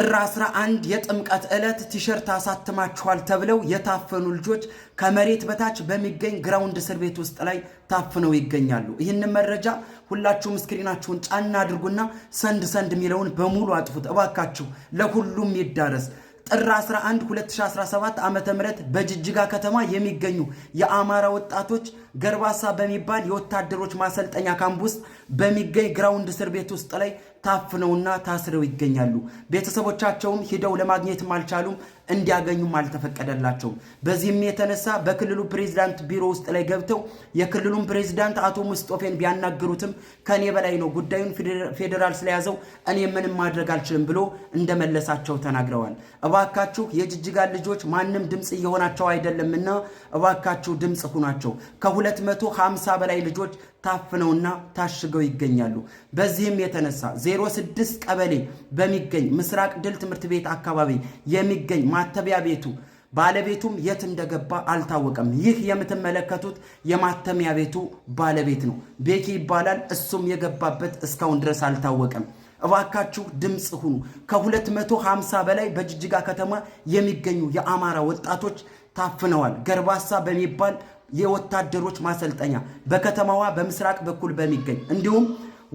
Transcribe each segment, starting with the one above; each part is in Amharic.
ጥር 11 የጥምቀት ዕለት ቲሸርት አሳትማችኋል ተብለው የታፈኑ ልጆች ከመሬት በታች በሚገኝ ግራውንድ እስር ቤት ውስጥ ላይ ታፍነው ይገኛሉ። ይህንን መረጃ ሁላችሁም ስክሪናችሁን ጫና አድርጉና ሰንድ ሰንድ የሚለውን በሙሉ አጥፉት እባካችሁ፣ ለሁሉም ይዳረስ። ጥር 11 2017 ዓ ም በጅጅጋ ከተማ የሚገኙ የአማራ ወጣቶች ገርባሳ በሚባል የወታደሮች ማሰልጠኛ ካምፕ ውስጥ በሚገኝ ግራውንድ እስር ቤት ውስጥ ላይ ታፍነውና ታስረው ይገኛሉ። ቤተሰቦቻቸውም ሂደው ለማግኘትም አልቻሉም፣ እንዲያገኙም አልተፈቀደላቸውም። በዚህም የተነሳ በክልሉ ፕሬዝዳንት ቢሮ ውስጥ ላይ ገብተው የክልሉን ፕሬዝዳንት አቶ ሙስጦፌን ቢያናግሩትም ከኔ በላይ ነው ጉዳዩን ፌዴራል ስለያዘው እኔ ምንም ማድረግ አልችልም ብሎ እንደመለሳቸው ተናግረዋል። እባካችሁ የጅጅጋ ልጆች ማንም ድምፅ እየሆናቸው አይደለምና እባካችሁ ድምፅ ሁናቸው ከሁለት መቶ በላይ ልጆች ታፍነውና ታሽገው ይገኛሉ። በዚህም የተነሳ 06 ቀበሌ በሚገኝ ምስራቅ ድል ትምህርት ቤት አካባቢ የሚገኝ ማተቢያ ቤቱ ባለቤቱም የት እንደገባ አልታወቀም። ይህ የምትመለከቱት የማተሚያ ቤቱ ባለቤት ነው፣ ቤኪ ይባላል። እሱም የገባበት እስካሁን ድረስ አልታወቀም። እባካችሁ ድምፅ ሁኑ። ከ250 በላይ በጅጅጋ ከተማ የሚገኙ የአማራ ወጣቶች ታፍነዋል። ገርባሳ በሚባል የወታደሮች ማሰልጠኛ በከተማዋ በምስራቅ በኩል በሚገኝ እንዲሁም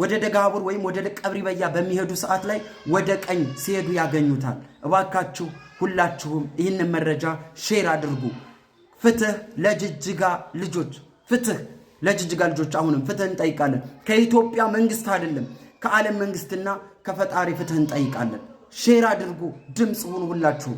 ወደ ደጋቡር ወይም ወደ ቀብሪ በያ በሚሄዱ ሰዓት ላይ ወደ ቀኝ ሲሄዱ ያገኙታል። እባካችሁ ሁላችሁም ይህንን መረጃ ሼር አድርጉ። ፍትህ ለጅጅጋ ልጆች፣ ፍትህ ለጅጅጋ ልጆች። አሁንም ፍትህ እንጠይቃለን። ከኢትዮጵያ መንግስት አይደለም ከዓለም መንግስትና ከፈጣሪ ፍትህ እንጠይቃለን። ሼር አድርጉ፣ ድምፅ ሁኑ ሁላችሁ።